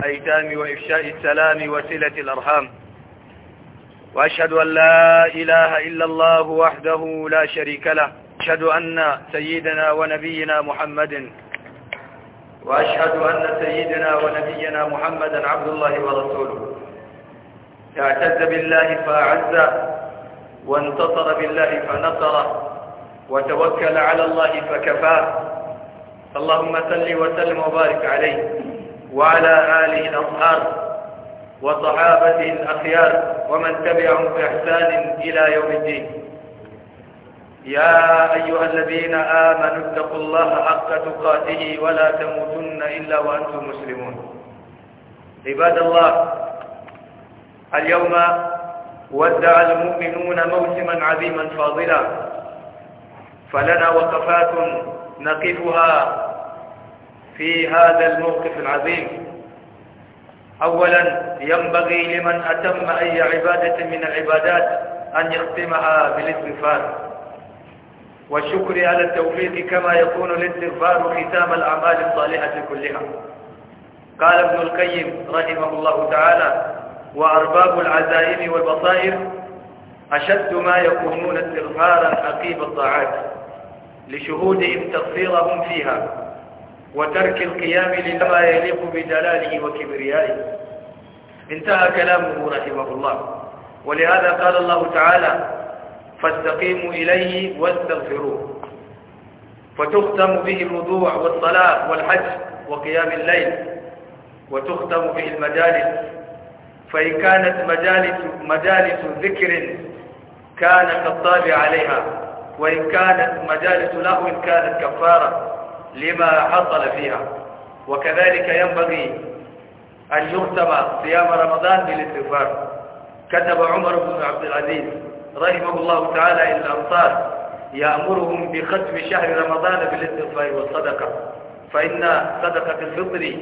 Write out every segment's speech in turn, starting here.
الأيتام وإفشاء السلام وصلة الأرحام وأشهد أن لا إله إلا الله وحده لا شريك له أشهد أن سيدنا ونبينا محمد وأشهد أن سيدنا ونبينا محمدا عبد الله ورسوله اعتز بالله فأعز وانتصر بالله فنصره وتوكل على الله فكفاه اللهم صل وسلم وبارك عليه وعلى آله الأطهار وصحابته الأخيار ومن تبعهم بإحسان إلى يوم الدين يا أيها الذين آمنوا اتقوا الله حق تقاته ولا تموتن إلا وأنتم مسلمون عباد الله اليوم ودع المؤمنون موسما عظيما فاضلا فلنا وقفات نقفها في هذا الموقف العظيم أولا ينبغي لمن أتم أي عبادة من العبادات أن يختمها بالاستغفار والشكر على التوفيق كما يكون الاستغفار ختام الأعمال الصالحة كلها قال ابن القيم رحمه الله تعالى وأرباب العزائم والبصائر أشد ما يكونون استغفارا عقيب الطاعات لشهودهم تقصيرهم فيها وترك القيام لما يليق بجلاله وكبريائه انتهى كلامه رحمه الله ولهذا قال الله تعالى فاستقيموا إليه واستغفروه فتختم به الوضوع والصلاة والحج وقيام الليل وتختم به المجالس فإن كانت مجالس, مجالس ذكر كان كالطابع عليها وإن كانت مجالس لهو كانت كفارة لما حصل فيها وكذلك ينبغي أن يختم صيام رمضان بالاستغفار كتب عمر بن عبد العزيز رحمه الله تعالى إلى الأنصار يأمرهم بختم شهر رمضان بالاستغفار والصدقة فإن صدقة الفطر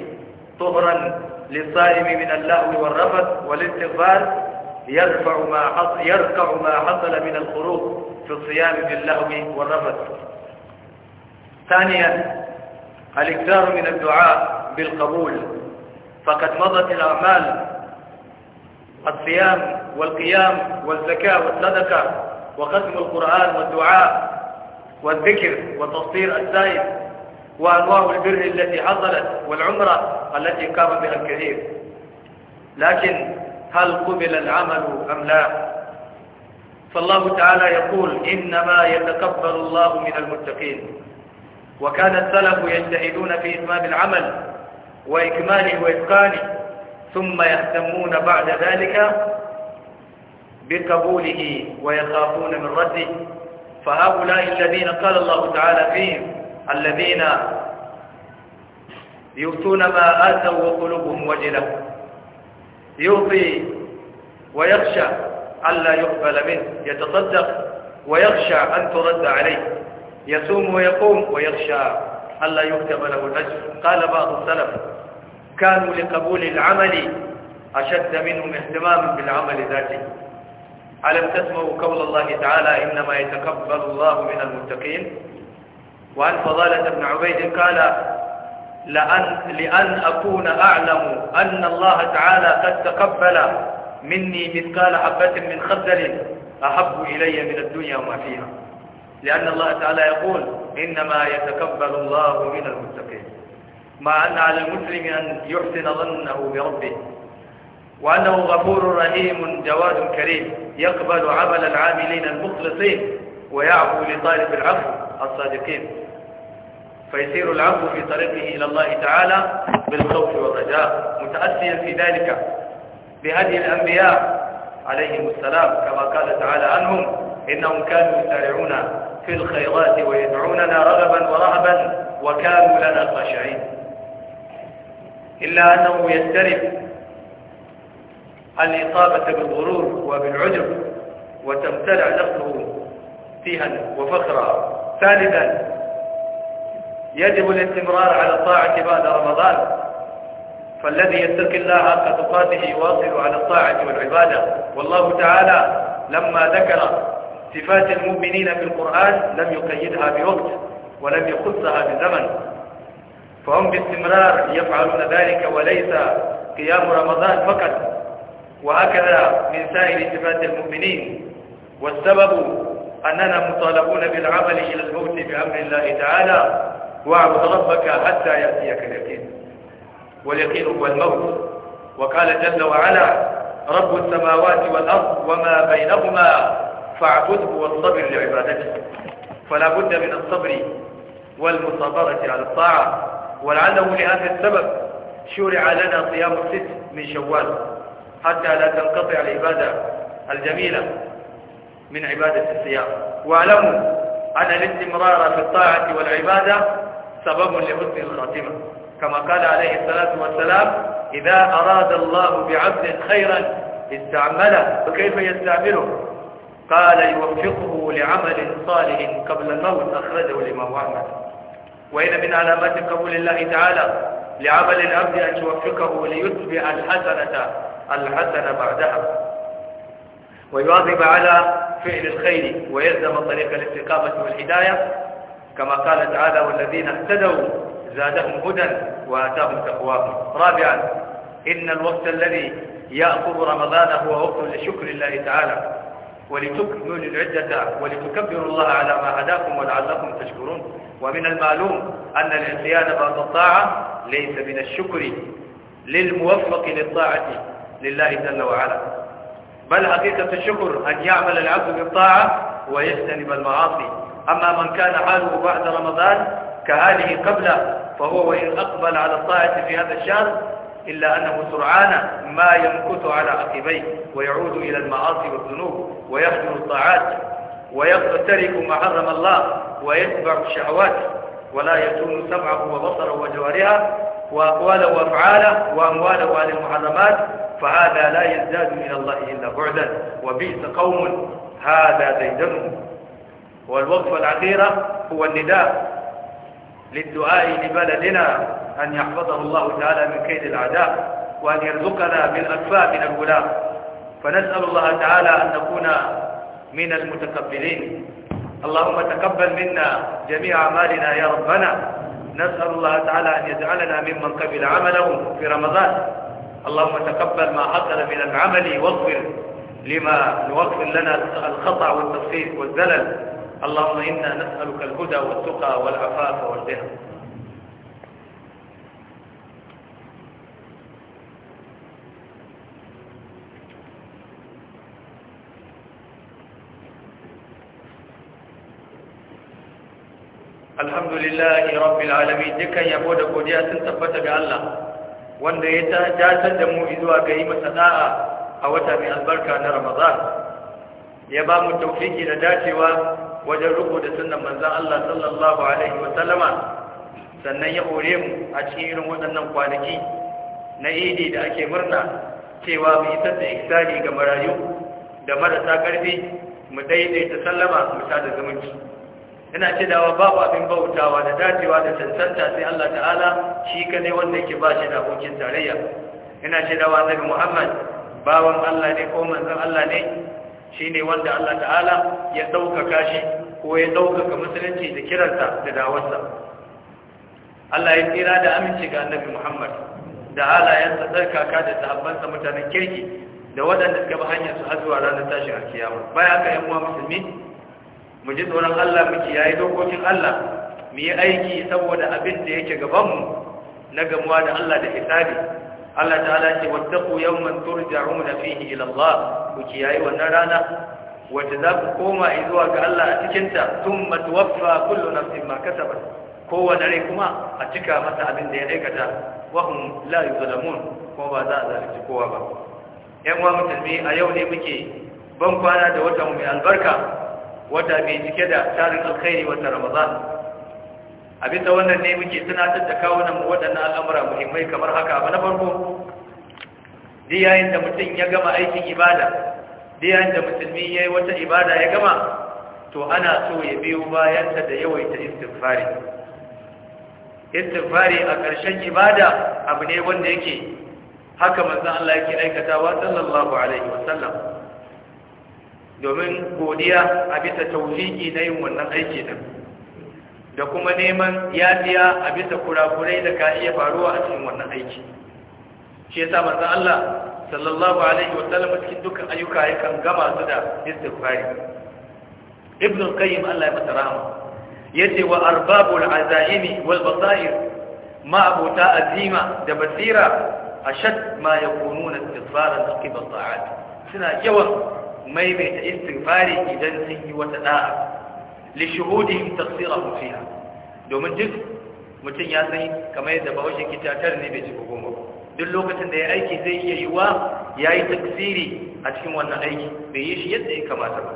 طهرا للصائم من اللهو والرفث والاستغفار يرفع ما حصل يرفع ما حصل من الخروج في الصيام باللهو والرفث ثانيا الإكثار من الدعاء بالقبول فقد مضت الأعمال الصيام والقيام والزكاة والصدقة وختم القرآن والدعاء والذكر وتصطير السائل وأنواع البر التي حصلت والعمرة التي قام بها الكثير لكن هل قبل العمل أم لا فالله تعالى يقول إنما يتقبل الله من المتقين وكان السلف يجتهدون في إتمام العمل وإكماله وإتقانه ثم يهتمون بعد ذلك بقبوله ويخافون من رده فهؤلاء الذين قال الله تعالى فيهم الذين يؤتون ما آتوا وقلوبهم وجلة يعطي ويخشى ألا يقبل منه يتصدق ويخشى أن ترد عليه يصوم ويقوم ويخشى ألا يكتب له الأجر قال بعض السلف كانوا لقبول العمل أشد منهم اهتماما بالعمل ذاته ألم تسمعوا قول الله تعالى إنما يتقبل الله من المتقين وعن فضالة بن عبيد قال لأن, لأن أكون أعلم أن الله تعالى قد تقبل مني مثقال حبة من خردل أحب إلي من الدنيا وما فيها لأن الله تعالى يقول إنما يتكبل الله من المتقين مع أن على المسلم أن يحسن ظنه بربه وأنه غفور رحيم جواد كريم يقبل عمل العاملين المخلصين ويعفو لطالب العفو الصادقين فيسير العفو في طريقه إلى الله تعالى بالخوف والرجاء متأسيا في ذلك بهدي الأنبياء عليهم السلام كما قال تعالى عنهم إنهم كانوا يسارعون في الخيرات ويدعوننا رغبا ورهبا وكانوا لنا خاشعين إلا أنه يستلف الإصابة بالغرور وبالعجب وتمتلع نفسه فيها وفخرا ثالثا يجب الاستمرار على الطاعة بعد رمضان فالذي يتق الله حق تقاته يواصل على الطاعة والعبادة والله تعالى لما ذكر صفات المؤمنين في القرآن لم يقيدها بوقت ولم يخصها بزمن فهم باستمرار يفعلون ذلك وليس قيام رمضان فقط وهكذا من سائر صفات المؤمنين والسبب أننا مطالبون بالعمل إلى الموت بأمر الله تعالى واعبد ربك حتى يأتيك اليقين واليقين هو الموت وقال جل وعلا رب السماوات والأرض وما بينهما فاعبده والصبر لعبادته فلا بد من الصبر والمصابرة على الطاعة ولعله لهذا السبب شرع لنا صيام الست من شوال حتى لا تنقطع العبادة الجميلة من عبادة الصيام واعلموا أن الاستمرار في الطاعة والعبادة سبب لحسن الخاتمة كما قال عليه الصلاة والسلام إذا أراد الله بعبد خيرا استعمله وكيف يستعمله قال يوفقه لعمل صالح قبل الموت أخرجه الإمام أحمد وإن من علامات قبول الله تعالى لعمل العبد أن يوفقه ليتبع الحسنة الحسنة بعدها ويواظب على فعل الخير ويلزم طريق الاستقامة والهداية كما قال تعالى والذين اهتدوا زادهم هدى وآتاهم تقواهم رابعا إن الوقت الذي يأخذ رمضان هو وقت لشكر الله تعالى ولتكملوا العدة ولتكبروا الله على ما هداكم ولعلكم تشكرون ومن المعلوم أن الانقياد بعد الطاعة ليس من الشكر للموفق للطاعة لله جل وعلا بل حقيقة الشكر أن يعمل العبد بالطاعة ويجتنب المعاصي أما من كان حاله بعد رمضان كهذه قبله فهو وإن أقبل على الطاعة في هذا الشهر إلا أنه سرعان ما يمكث على عقبيه ويعود إلى المعاصي والذنوب ويخدم الطاعات ويقترك ما حرم الله ويتبع الشهوات ولا يكون سمعه وبصره وجوارها وأقواله وأفعاله وأمواله وأهل المحرمات فهذا لا يزداد من الله إلا بعدا وبئس قوم هذا ديدنهم والوقفة الأخيرة هو النداء للدعاء لبلدنا أن يحفظه الله تعالى من كيد الأعداء وأن يرزقنا بالأكفاء من الولاء فنسأل الله تعالى أن نكون من المتقبلين اللهم تقبل منا جميع أعمالنا يا ربنا نسأل الله تعالى أن يجعلنا ممن قبل عمله في رمضان اللهم تقبل ما حصل من العمل واغفر لما نوفر لنا الخطأ والتفسير والزلل اللهم إنا نسألك الهدى والتقى والعفاف والغنى alhamdulillahi rabbil alamin dukan yabo da godiya sun tabbata ga Allah wanda ya tajatar da mu zuwa ga yi masa da'a a wata mai albarka na Ramadan ya ba mu tawfiki da dacewa wajen ruku da sunan manzan Allah sallallahu alaihi wa sallama sannan ya hore mu a cikin irin waɗannan kwanaki na idi da ake murna cewa mu isar da iktari ga marayu da marasa ƙarfi mu daidaita sallama mu da zumunci ina ce dawa babu abin bautawa da dacewa da cancanta sai Allah ta'ala shi ka ne wanda yake ba shi da abokin tarayya ina ce dawa annabi Muhammad bawan Allah ne ko manzon Allah ne Shi ne wanda Allah ta'ala ya ɗaukaka shi ko ya ɗaukaka musulunci da kiransa da dawarsa Allah ya tsira da aminci ga annabi Muhammad da halayensa tsarkaka da sahabbansa mutanen kirki da waɗanda suka bi hanyar su har ranar tashin alkiyama baya ka yan uwa musulmi mu ji tsoron Allah mu yayi dokokin Allah mu yi aiki saboda abin da yake gabanmu na gamuwa da Allah da hisabi Allah ta'ala ce wattaqu yawman turja'una fihi ila Allah ku kiyaye wannan rana wacce za ku koma zuwa ga Allah a cikin ta thumma tuwaffa kullu nafsin ma kasabat kowanne rai kuma a cika masa abin da ya aikata wa hum la yuzlamun kuma ba za a zalunci kowa ba yan uwa musulmi a yau ne muke ban kwana da wata mai albarka wata mai cike da tarin alkhairi wata ramadan a bisa wannan ne muke tunatar da kawunan mu waɗannan al'amura muhimmai kamar haka abu na farko duk yayin da mutum ya gama aikin ibada duk da musulmi ya yi wata ibada ya gama to ana so ya biyo bayanta da yawaita istighfari istighfari a ƙarshen ibada abu ne wanda yake haka manzon Allah yake aikatawa sallallahu alaihi wasallam domin godiya a bisa tawfiki na yin wannan aiki da. da kuma neman yafiya a bisa kurakurai da ka iya faruwa a cikin wannan aiki shi yasa manzo Allah sallallahu alaihi wa sallam cikin dukkan ayyuka yakan gama su da istighfari ibn qayyim Allah ya masa rahama yace wa arbabul azaimi wal basair ma abuta azima da basira ashad ma yakununa istighfaran aqib al-ta'at suna yawan maimaita istighfari idan sun yi wata da'a li shuhudihim tafsirahu fiha domin duk mutum ya san kamar yadda bahaushe ke tatar ne bai cika goma duk lokacin da ya aiki zai iya yiwa ya yi tafsiri a cikin wannan aiki bai yi shi yadda ya kamata ba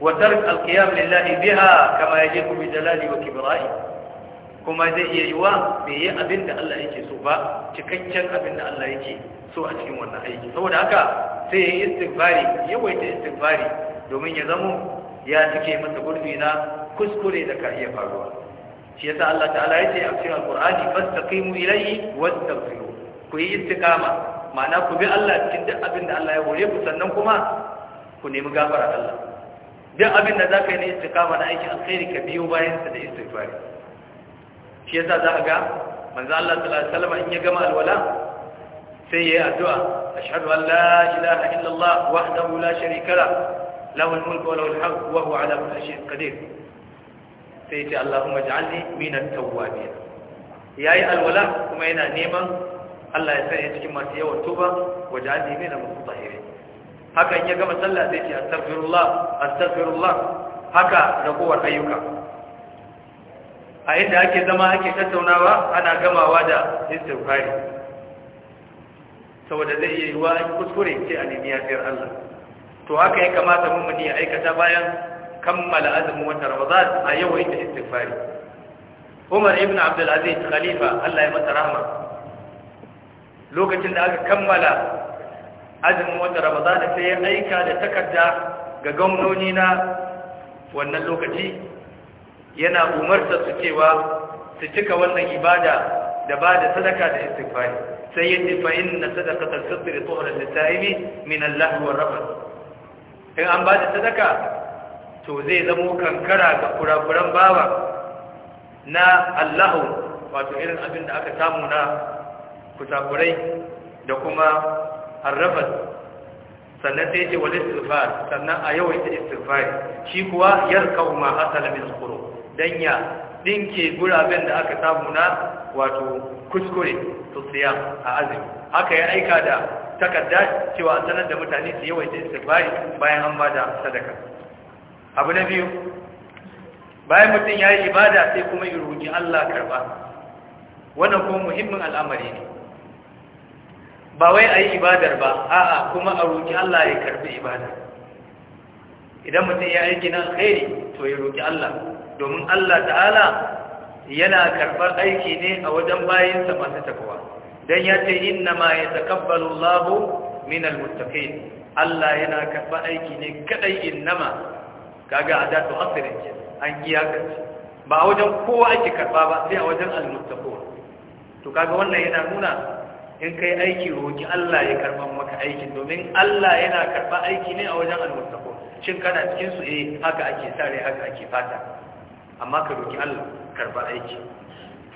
wa tark alqiyam lillahi biha kama yajibu bi dalali wa kibra'i kuma zai iya yiwa bai yi abinda da Allah yake so ba cikakken abinda da Allah yake so a cikin wannan aiki saboda haka sai ya yi istighfari yawaita istighfari domin ya zamo ya cike masa gurbi na kuskure da ka iya faruwa shi yasa Allah ta'ala ya ce a cikin alqur'ani fastaqimu ilayhi wastaghfiru ku yi istiqama ma'ana ku bi Allah cikin duk abin da Allah ya hore ku sannan kuma ku nemi gafara Allah duk abin da zaka yi na istiqama na aikin alkhairi ka biyo bayan sa da istighfari shi yasa za ka ga manzo Allah sallallahu alaihi wasallam in ya gama alwala sai ya yi addu'a ashhadu an la ilaha illallah wahdahu la sharika lahu له الملك وله الحمد وهو على كل شيء قدير سيتي اللهم اجعلني من التوابين ياي الولاء كما ينا نيما الله يسعي cikin masu yawan tuba waj'alni min al-mutahhirin haka in ya gama sallah sai ce astaghfirullah astaghfirullah haka ragowar ayyuka a inda ake zama ake tattaunawa ana gamawa da istighfari saboda zai yi wa kuskure sai a nemi yafiyar Allah to haka ya kamata mummuni ya aikata bayan kammala azumin wata ramadan a yawaita istighfari Umar ibn Abdul Aziz khalifa Allah ya masa rahama lokacin da aka kammala azumin wata ramadan sai ya aika da takarda ga gwamnoni na wannan lokaci yana umarta su cewa su cika wannan ibada da ba da sadaka da istighfari sai yadda fa inna sadaqatal fitr tuhra lit-ta'imi min al-lahwi war-rafath in an ba da sadaka to zai zamo kankara ga kurakuran bawa na allahu wato irin abin da aka samu na kusakurai da kuma harrafas sannan sai ce wani istighfar sannan a yawan ita istighfar shi kuwa yarka ma hasala min zukuru dan ya dinke guraben da aka samu na wato kuskure to siya a azumi haka ya aika da takarda cewa an sanar da mutane su yawaita istighfari bayan an bada sadaka abu na biyu bayan mutum ya yi ibada sai kuma ya roƙi Allah karba wannan kuma muhimmin al'amari ne ba wai a yi ibadar ba a'a kuma a roƙi Allah ya karbi ibada idan mutum ya aiki gina alkhairi to ya roƙi Allah domin Allah ta'ala yana karɓar aiki ne a wajen bayinsa masu takowa dan ya ce inna ma yatakabbalu Allahu min almuttaqin Allah yana karba aiki ne kadai innama kaga a adatu asrin ce, an iyakace ba a wajen kowa ake karba ba sai a wajen almuttaqin to kaga wannan yana nuna in kai aiki roki Allah ya karba maka aikin domin Allah yana karba aiki ne a wajen almuttaqin shin kana cikin su eh haka ake sare haka ake fata amma ka roki Allah karba aiki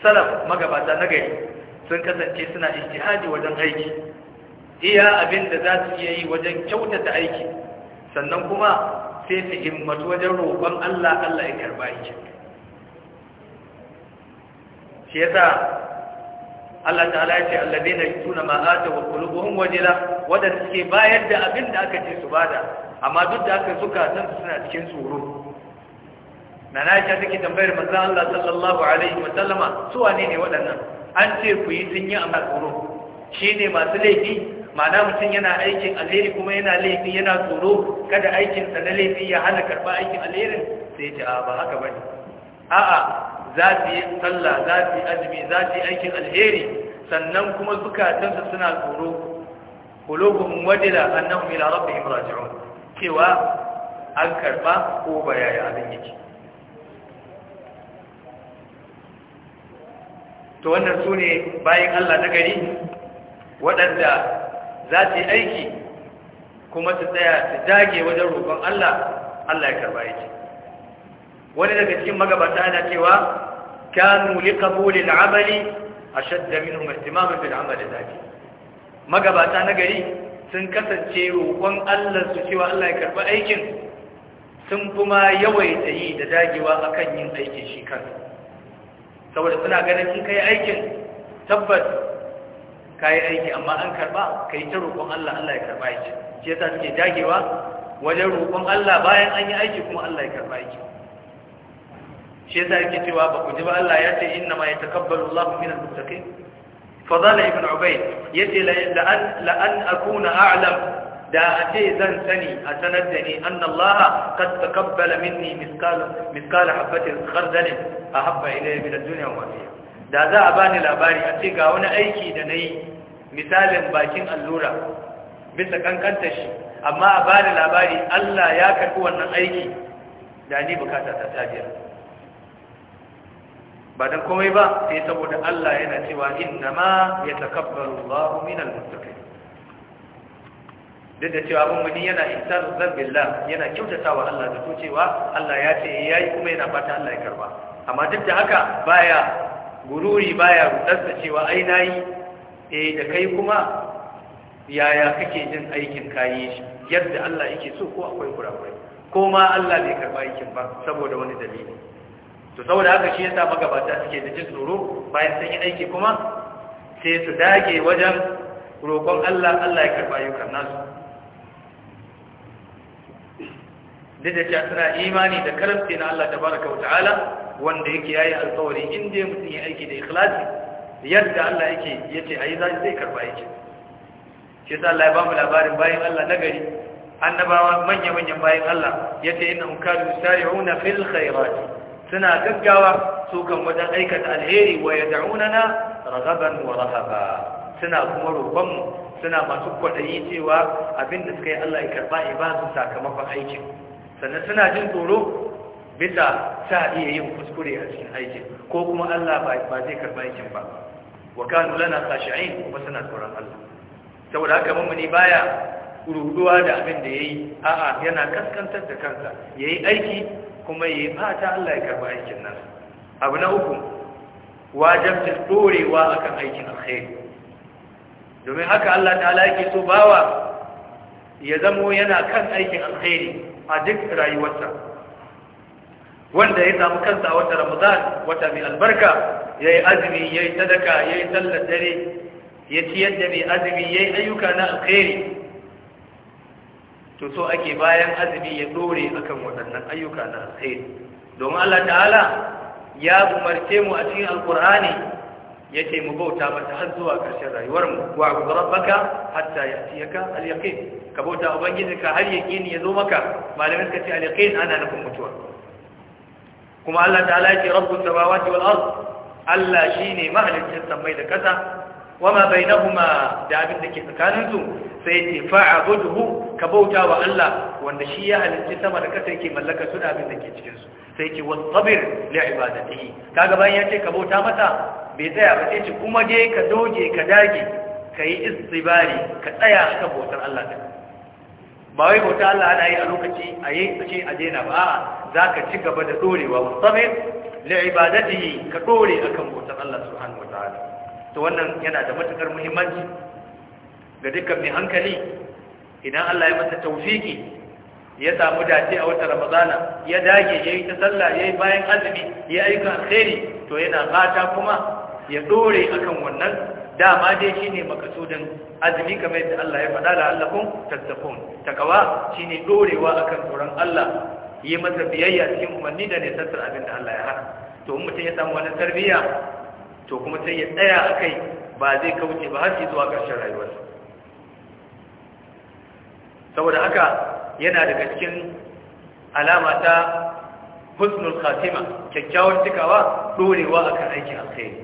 salaf magabata na gari sun kasance suna ijtihadi wajen aiki iya abin da za su iya yi wajen kyautata aiki sannan kuma sai su himmatu wajen roƙon Allah Allah ya karba aiki shi yasa Allah ta'ala ya ce alladheena yutuna ma ataw wa qulubuhum wajila wadanda suke bayar da abin da aka ce su bada amma duk da aka suka san suna cikin tsoro nana ya take tambayar manzon Allah sallallahu alaihi wa sallama su wane ne waɗannan an ce ku yi sun yi amma tsoro shi ne masu laifi ma'ana mutum yana aikin alheri kuma yana laifi yana tsoro kada aikinsa na laifi ya hana karɓa aikin alherin sai ce ba haka ba ne a'a za su yi sallah za su yi azumi za su yi aikin alheri sannan kuma zukatansu suna tsoro kulubun wadila annahum ila rabbihim raji'un cewa an karɓa ko ba abin yake to wannan su ne bayan Allah na gari waɗanda za su yi aiki kuma su tsaya su dage wajen roƙon Allah Allah ya karba yake wani daga cikin magabata yana cewa kanu li qabuli al-amali minhum ihtimaman bil amal zati magabata na gari sun kasance roƙon Allah su cewa Allah ya karba aikin sun kuma yawaita yi da dagewa akan yin aikin shi kansa saboda suna ganin in ka yi aikin tabbas yi aiki amma an karɓa, ka yi ta roƙon Allah Allah ya karɓa aiki shi yasa suke dagewa wajen roƙon Allah bayan an yi aiki kuma Allah ya karɓa aiki shi yasa yake cewa ba ku ji ba Allah ya ce inna ma yatakabbalu Allahu minal muttaqin fadala ibn ubayd yace la an la an akuna a'lam da a ce zan sani a sanar da ni annallaha Allah kad takabbala minni miskala miskala habatin khardal ahabba ilayya min ad-dunya wa fiha da za a bani labari a ce ga wani aiki da nayi misalin bakin allura bisa kankanta shi amma a bani labari Allah ya karbi wannan aiki da ni bukata ta tajiya ba dan komai ba sai saboda Allah yana cewa innama yatakabbalu Allahu minal muttaqin duk da cewa mummuni yana ihsanu zambillah yana kyautata wa Allah da cewa Allah ya ce ya yi kuma yana fata Allah ya karba amma duk da haka baya gururi baya rudarsa cewa ai na yi, eh da kai kuma yaya kake jin aikin kayi shi yadda Allah yake so ko akwai kurakurai ko ma Allah bai karba aikin ba saboda wani dalili to saboda haka shi yasa magabata suke da jin tsoro bayan sun yi aiki kuma sai su dage wajen roƙon Allah Allah ya karba ayyukan nasu duk da cewa suna imani da karamci na Allah tabaraka wa ta'ala wanda yake yayi alƙawari in dai mutum ya aiki da ikhlasi yadda Allah yake yace ayi za zai karba yake shi yasa Allah ya ba mu labarin bayan Allah gari annabawa manya manyan bayan Allah yace innahum kanu sari'una fil khairat suna gaggawa su kan wajen aikata alheri wa yad'unana da'unana ragaban wa rahaba suna kuma roƙonmu suna masu kwaɗayi cewa abinda suka yi Allah ya karba ya ba su sakamakon aikin sannan tana jin tsoro bisa ta iya yin kuskure a cikin aikin ko kuma Allah ba zai karba aikin ba wa kanu lana khashi'in kuma suna tsoron Allah saboda haka mummuni baya ruduwa da abin da yayi a'a yana kaskantar da kansa yayi aiki kuma yayi fata Allah ya karba aikin nan abu na uku wajibin dorewa akan aikin alkhairi domin haka Allah ta'ala yake so bawa ya zamo yana kan aikin alkhairi a duk rayuwarsa wanda ya samu kansa a wata ramadan wata mai albarka ya yi azumi ya yi sadaka ya yi sallar ya ci yadda mai azumi ya yi ayyuka na alkhairi to so ake bayan azumi ya dore akan waɗannan ayyuka na alkhairi domin Allah ta'ala ya umarce mu a cikin alkur'ani yace mu bauta mata har zuwa ƙarshen rayuwar mu wa rabbaka hatta yatiyaka al-yaqin ka bauta ubangijinka har ya zo maka malamin ka ce al-yaqin ana nufin mutuwa kuma Allah ta'ala yake rabbus samawati wal ard Allah shine mahalicin samai da kasa wama bainahuma da abin da ke tsakanin su sai ce fa'budhu ka bauta wa Allah wanda shi ya halicci sama da kasa yake mallaka su da abin da ke cikin su sai ki wasabir li ibadatihi kaga bayan yace ka bauta mata? bai tsaya ba sai ce kuma je ka doge ka dage ka yi istibari ka tsaya akan bautar Allah ta ba wai bauta Allah ana yi a lokaci a yi a ce a daina ba a'a zaka ci gaba da dorewa wasabir li ka dore akan bautar Allah subhanahu wataala to wannan yana da matukar muhimmanci ga dukkan mai hankali idan Allah ya masa tawfiki ya samu dace a wata ramadana ya dage ya yi ta sallah ya yi bayan azumi ya yi aika alheri to yana fata kuma ya dore akan wannan dama dai shi ne makasudin azumi kamar yadda Allah ya faɗa da la'allakum tattaqun takawa ne dorewa akan tsoron Allah yi masa biyayya cikin umarni da ne tattar abin da Allah ya hana to in mutum ya samu wani tarbiyya to kuma sai ya tsaya akai ba zai kauce ba har zuwa ƙarshen rayuwarsa saboda haka yana daga cikin alama ta husnul khatima kyakkyawar cikawa dorewa akan aikin alkhairi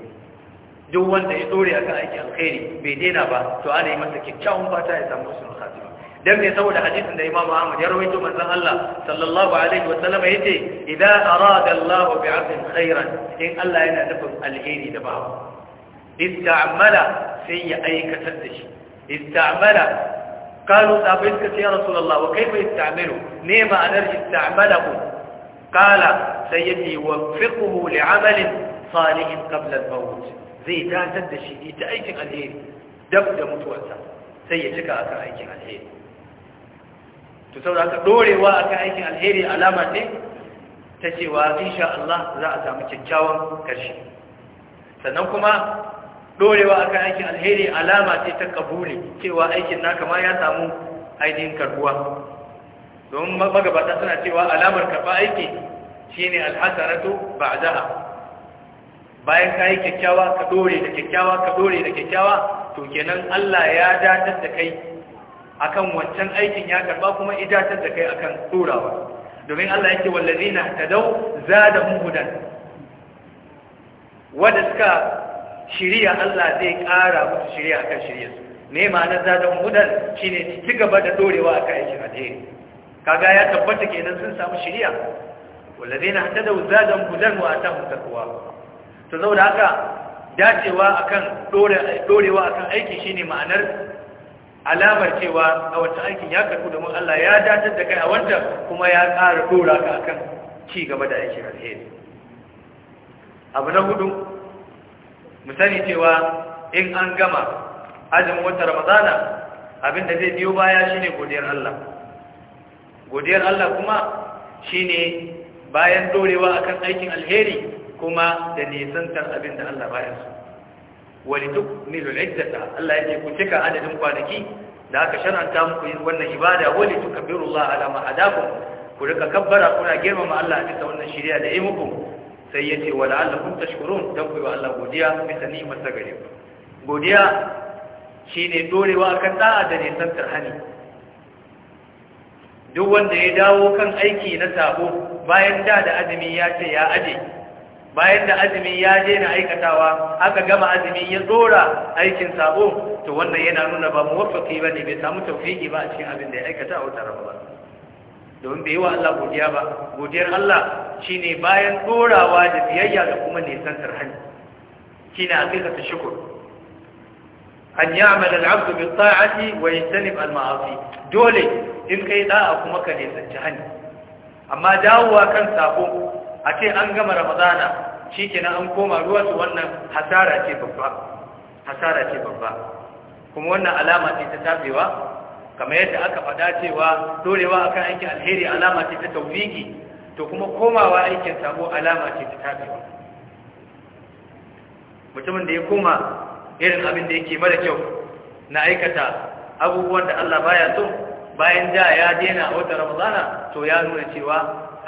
duk wanda ya dore akan aikin alkhairi bai daina ba to ana yi masa kyakkyawan fata ya samu husnul khatima dan ne saboda hadisin da Imam Ahmad ya rawaito manzon Allah sallallahu alaihi wa sallam yace idza arada Allah bi 'abdin khairan in Allah yana nufin alheri da bawa ista'mala sai ya aikatar da shi ista'mala قالوا سابقك يا رسول الله وكيف يستعمله نيما أنرجي استعمله قال سيدي وفقه لعمل صالح قبل الموت زي تاتد الشيء تأيكن الهيري دب دا متوسع سيدك أكا أيكن الهيري تسود أكا دوري وأكا أيكن الهيري علامة لي تشي وإن شاء الله لا أسامك الجاوة كرشي سنوكما dorewa akan aikin alheri alama ce ta kabuli cewa aikin naka ma ya samu ainihin karbuwa don magabata suna cewa alamar karba aiki shine alhasanatu ba'daha bayan ka yi kyakkyawa ka dore da kyakkyawa ka dore da kyakkyawa to kenan Allah ya datar da kai akan wancan aikin ya karba kuma datar da kai akan turawa domin Allah yake wallazina tadaw zada hudan wanda suka shiriya Allah zai ƙara musu shiriya akan shiriyarsu me ma'anar zadan shi ne ci gaba da dorewa akan yankin alheri kaga ya tabbata kenan sun samu shiriya wallazina hadadu zadan hudan wa atahum ta zau da haka dacewa akan dorewa akan aiki shine ma'anar alamar cewa a wata aikin ya karbu domin Allah ya datar da kai a wancan kuma ya ƙara ɗora ka akan ci gaba da yankin alheri abu na hudu mu sani cewa in an gama azumin wata ramadana abin da zai biyo baya shine godiyar Allah godiyar Allah kuma shine bayan dorewa akan aikin alheri kuma da nisantar abin da Allah bayan su wani duk milul iddata Allah yake ku cika adadin kwanaki da aka shar'anta muku yin wannan ibada wani duk kabirullah ala ma hadakum ku rika kabbara kuna girmama Allah a cikin wannan shirya da yi muku sai ya ce wa la'allakum tashkurun dan ku yi wa Allah godiya bisa ni'imar ta gare ku godiya shine dorewa akan da'a da nisantar hani duk wanda ya dawo kan aiki na sabo bayan da da azumi ya ce ya aje bayan da azumi ya je na aikatawa aka gama azumi ya dora aikin sabo to wannan yana nuna ba muwaffaqi bane bai samu tawfiki ba a cikin abin da ya aikata a wata ba. domin bai yi wa Allah godiya ba godiyar Allah shine bayan dorawa da biyayya da kuma nisantar hani shine haqiqatu shukr an ya'mal al-'abd bi ta'ati wa yajtanib al-ma'asi dole in kai da'a kuma ka nisanci hani amma dawowa kan sako a ce an gama ramadana shikenan an koma ruwa su wannan hasara ce babba hasara ce babba kuma wannan alama ce ta tabewa kamar yadda aka faɗa cewa dorewa akan aikin alheri alama ce ta taufiki to kuma komawa aikin sabo alama ce ta tabewa mutumin da ya koma irin abin da yake mara kyau na aikata abubuwan da Allah baya so bayan da ya daina a wata ramadana to ya nuna cewa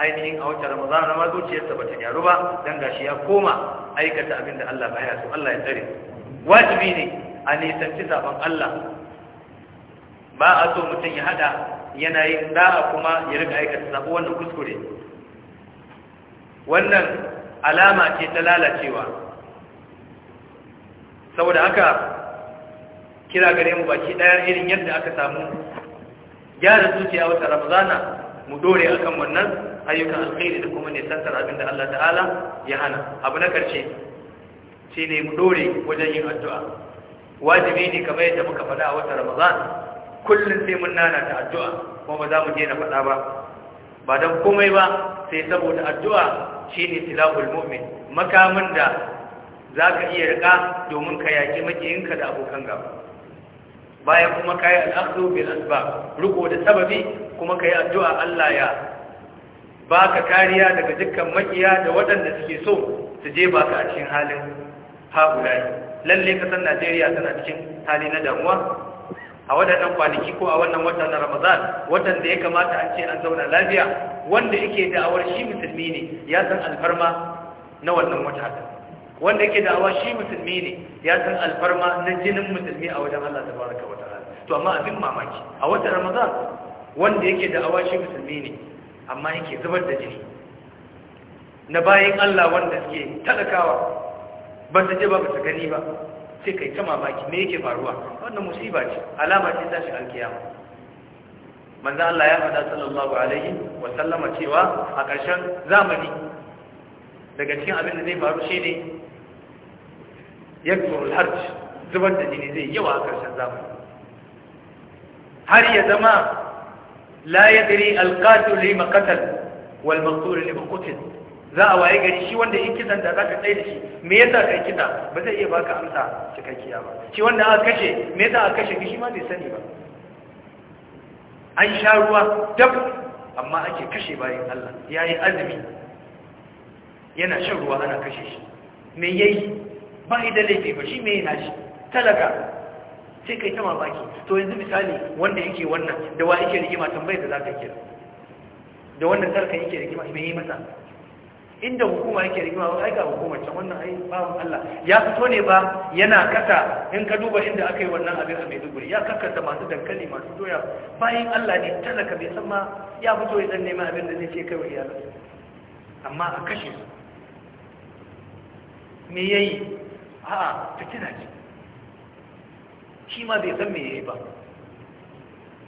ainihin a wata ramadana ma zuciyarsa bata gyaru ba dan gashi ya koma aikata abin da Allah baya so Allah ya tsare wajibi ne a nisanci zaben Allah ba a so mutum ya haɗa yana yin da'a kuma ya riga aikata sabo wannan kuskure wannan alama ce ta lalacewa saboda haka kira gare mu baki daya irin yadda aka samu gyara zuciya wata ramadana mu dore akan wannan ayyukan alkhairi da kuma nisantar abin da Allah ta'ala ya hana abu na karshe ne mu dore wajen yin addu'a wajibi ne kamar yadda muka faɗa a wata ramadana kullum sai mun nana ta addu'a kuma ba za mu je na faɗa ba ba don komai ba sai saboda addu'a shine tilahul mu'min makamin da za ka iya riƙa domin ka yaƙi makiyinka da abokan gaba bayan kuma ka yi al'adu bil asba riko da sababi kuma ka yi addu'a Allah ya ba ka kariya daga dukkan makiya da waɗanda suke so su je ba ka a cikin halin haƙulari lalle ƙasar najeriya tana cikin hali na damuwa a wadannan kwanaki ko a wannan watan na Ramadan watan da ya kamata an ce an zauna lafiya wanda yake da'awar shi musulmi ne ya san alfarma na wannan wata wanda yake da'awa shi musulmi ne ya san alfarma na jinin musulmi a wajen Allah tabaraka wa ta'ala to amma abin mamaki a watan Ramadan wanda yake da'awa shi musulmi ne amma yake zubar da jini na bayin Allah wanda suke talakawa ba su je ba ba su gani ba sai kai ta mamaki me yake faruwa wannan musiba ce alama ce ta shi alkiyama manzo Allah ya faɗa sallallahu alaihi wa sallama cewa a ƙarshen zamani daga cikin abin da zai faru shine yakfurul harj zubar da jini zai yawa a ƙarshen zamani har ya zama la yadri alqatil lima qatal wal maqtul lima qutil za a waye gari shi wanda yake kisan da ka tsaye da shi me yasa kai kisa ba zai iya baka amsa cikakkiya ba shi wanda aka kashe me yasa aka kashe shi ma bai sani ba an sha ruwa dab amma ake kashe bayan Allah yayi azumi yana shan ruwa ana kashe shi me yayi ba da laifi ba shi me yana shi talaka sai kai ta baki. to yanzu misali wanda yake wannan da wa yake rigima tambayar da za ka kira da wannan tarkan yake rigima me yi masa inda hukuma yake rigima wa aika hukumar can wannan ai babu Allah ya fito ne ba yana kasa in ka duba inda aka yi wannan abin a Maiduguri ya kakkasa masu dankali masu doya bayan Allah ne talaka bai san ma ya fito ya dan neman abin da zai ce kai wa iyalan amma a kashe su me yayi a'a kina ji. shi ma bai san me yayi ba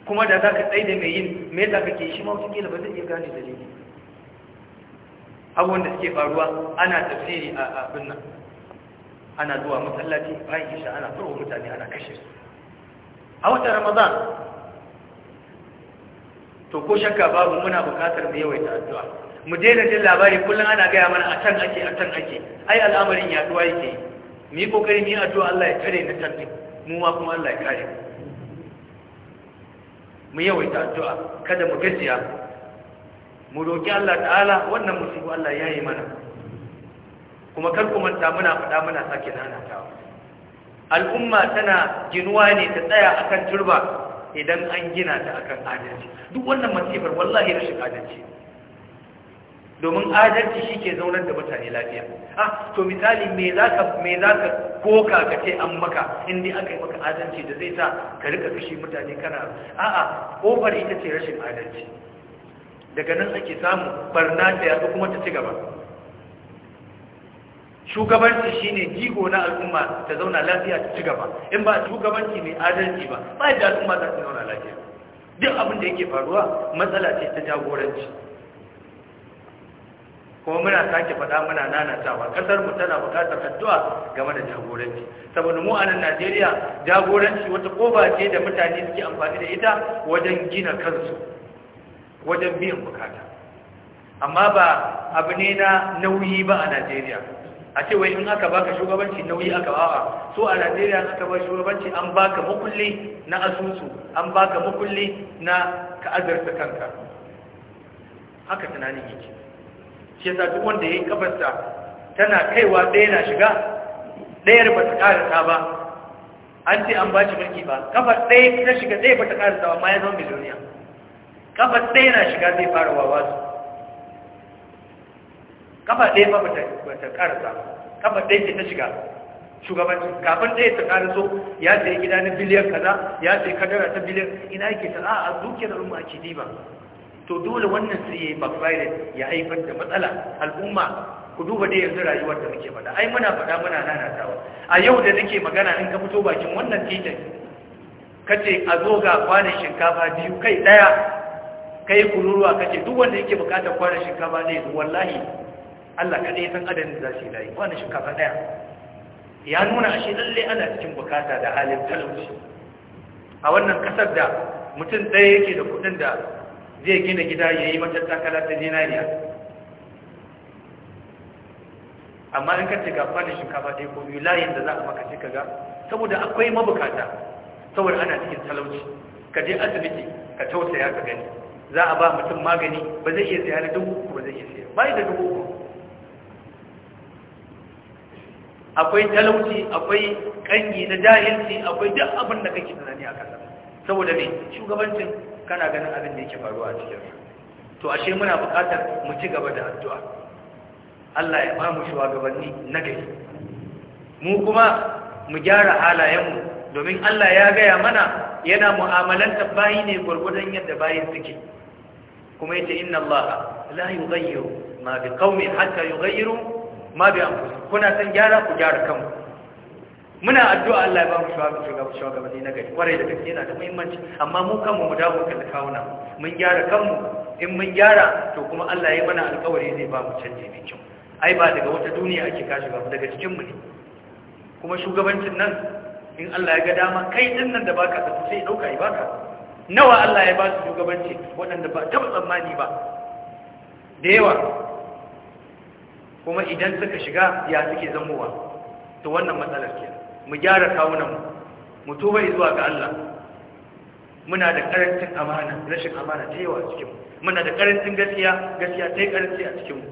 kuma da za ka tsaye da mai yin me yasa ke shi ma wata kila ba zai iya gane dalili abubuwan da suke faruwa ana tafsiri a abin nan ana zuwa masallaci bayan isha ana furwa mutane ana kashe su a watan ramadan to ko shakka babu muna bukatar da yawaita addu'a mu daina jin labari kullum ana gaya mana a can ake a can ake ai al'amarin yaduwa yake mu yi kokari mu yi addu'a Allah ya kare na can din mu ma kuma Allah ya kare mu yawaita addu'a kada mu gajiya mu roƙi Allah ta'ala wannan musibu Allah ya yi mana kuma kar ku manta muna faɗa muna sake nanatawa al'umma tana ginuwa ne ta tsaya a kan turba idan an gina ta a kan adalci duk wannan masifar wallahi rashin adalci domin adalci shi ke zaunar da mutane lafiya ah to misali me zaka me koka ka ce an maka in aka yi maka adalci da zai sa ka rika kashi mutane kana a'a kofar ita ce rashin adalci daga nan ake samu barna da yaɗu kuma ta ci gaba shugabanci shine jigo na al'umma ta zauna lafiya ta ci gaba in ba shugabanci mai adalci ba ba da al'umma za ta zauna lafiya duk abin da yake faruwa matsala ce ta jagoranci ko muna sake faɗa muna nanatawa ƙasar mu tana buƙatar addu'a game da jagoranci saboda mu a nan Najeriya jagoranci wata ƙofa ce da mutane suke amfani da ita wajen gina kansu wajen biyan bukata amma ba abu ne na nauyi ba a najeriya a ce wai in aka baka shugabanci nauyi aka bawa so a najeriya aka ba shugabanci an baka makulli na asusu an baka makulli na ka azarta kanka haka tunanin yake shi yasa duk wanda ya yi kafarsa tana kaiwa ɗaya na shiga ɗayar ba ta karasa ba an ce an ba shi mulki ba kafar ɗaya ta shiga ɗaya ba ta karasa ba ma ya zama miliyoniya kafa ɗaya na shiga zai fara wawa su kafa ɗaya ba ta ƙarasa kafa ɗaya ce ta shiga shugabanci kafin ɗaya ta ƙaraso ya sai gida na biliyan kaza ya sai kadara ta biliyan ina yake ta a dukiyar al'umma ake diba to dole wannan sai ya yi backfire ya haifar da matsala al'umma ku duba dai yanzu rayuwar da muke faɗa ai muna faɗa muna nanatawa a yau da nake magana in ka fito bakin wannan titin kace a zo ga kwanan shinkafa biyu kai ɗaya kai kururuwa kace duk wanda yake bukatar kwanan shinkafa ne wallahi Allah kaɗai ya san adadin da shi layi kwanan shinkafa ɗaya ya nuna ashe lalle ana cikin bukata da halin talauci a wannan kasar da mutum ɗaya yake da kuɗin da zai gina gida ya yi mata takala ta zinariya amma in ka ce ga kwanan shinkafa ɗaya ko biyu layin da za a maka ce ka ga saboda akwai mabukata saboda ana cikin talauci ka je asibiti ka tausaya ka gani za a ba mutum magani ba zai iya siya duk dubu uku ba zai iya Ba bai da dubu uku akwai talauci akwai kangi na jahilci akwai duk abin da kake tunani a kasa saboda me shugabancin kana ganin abin da yake faruwa a cikin to ashe muna buƙatar mu ci gaba da addu'a Allah ya ba mu shugabanni na gari mu kuma mu gyara halayenmu domin Allah ya gaya mana yana mu'amalantar bayi ne gwargwadon yadda bayin suke kuma yace inna allaha la yughayyiru ma bi qaumin hatta yughayyiru ma bi anfusihim kuna san gyara ku gyara kanku muna addu'a Allah ya ba mu shugabanci shugabanci na gari kwarai da gaske yana da muhimmanci amma mu kanmu mu dawo kan kawuna mun gyara kanmu in mun gyara to kuma Allah ya mana alƙawari zai ba mu canje mai kyau ai ba daga wata duniya ake kashi ba daga cikin mu ne kuma shugabancin nan in Allah ya ga dama kai din nan da baka da sai dauka ibaka nawa Allah ya ba su shugabanci waɗanda ba taɓa tsammani ba da yawa kuma idan suka shiga ya suke zamowa to wannan matsalar ke mu gyara kawunanmu mu tuba zuwa ga Allah muna da karancin amana rashin amana ta yawa a cikinmu muna da karancin gaskiya gaskiya ta yi karanci a cikinmu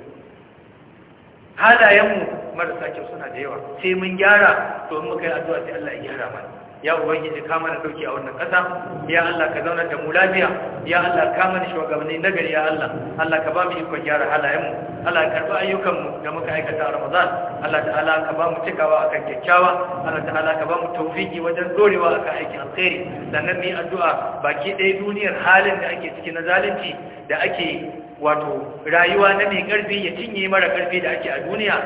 halayenmu marasa kyau suna da yawa sai mun gyara to mu kai addu'a sai Allah ya gyara mana ya ubangiji ka mana dauki a wannan kasa ya Allah ka zauna da mu lafiya ya Allah ka mana shugabanni nagari ya Allah Allah ka ba mu ikon gyara halayenmu Allah ka karba ayyukanmu da muka aikata a Ramadan Allah ta'ala ka ba mu cikawa akan kyakkyawa Allah ta'ala ka ba mu tawfiki wajen dorewa akan aikin alkhairi sannan mu yi addu'a baki ɗaya duniyar halin da ake ciki na zalunci da ake wato rayuwa na mai karfi ya cinye mara karfi da ake a duniya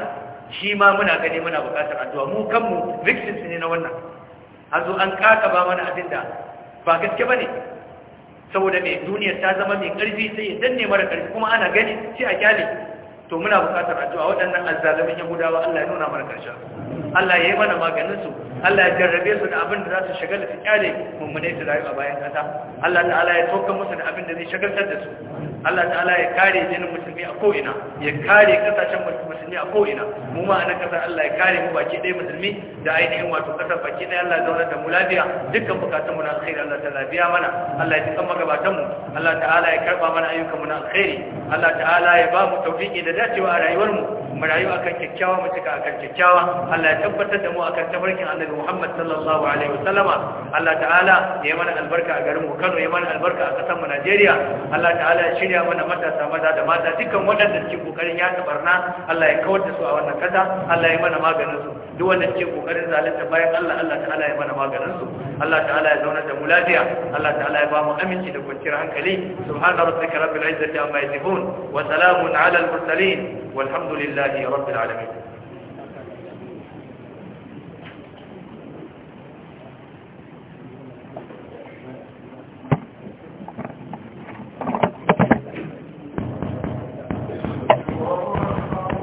shi ma muna gani muna bukatar addu'a mu kanmu victims ne na wannan an zo an kaka ba mana abin da ba gaske ba ne saboda mai duniyar ta zama mai ƙarfi sai ya danne mara ƙarfi kuma ana gani ci a kyale to muna buƙatar addu'a waɗannan azzalimin yahudawa Allah ya nuna mara ƙarshen Allah ya yi mana maganin su Allah ya jarrabe su da abin da za su shagalta su kyale mummune su rayu a bayan ƙasa Allah ta'ala ya tokar musu da abin da zai shagaltar da su Allah ta'ala ya kare jinin musulmi a ko'ina ya kare kasashen musulmi a ko'ina mu ma anan kasar Allah ya kare mu baki ɗaya musulmi da ainihin wato kasar baki ɗaya Allah ya zauna da mu lafiya dukkan bukatun mu na alkhairi Allah ta lafiya mana Allah ya tukan magabatan mu Allah ta'ala ya karba mana ayyukan mu na alkhairi Allah ta'ala ya ba mu tawfiki da dacewa a rayuwar mu mu rayu akan kyakkyawa mu cika akan kyakkyawa Allah ya tabbatar da mu akan tabarkin Annabi Muhammad sallallahu alaihi wasallama Allah ta'ala ya yi mana albarka a garin mu Kano ya yi mana albarka a kasar mu Najeriya Allah ta'ala ya shirya shirya mana matasa maza da mata dukkan waɗanda suke kokarin ya na, Allah ya kawar da su a wannan kasa Allah ya mana maganin su duk wanda suke kokarin zalunta bayan Allah Allah ta'ala ya mana maganin su Allah ta'ala ya zauna da mu lafiya Allah ta'ala ya ba mu aminci da kwanciyar hankali subhana rabbika rabbil izzati amma yasifun wa salamun ala al mursalin walhamdulillahi rabbil alamin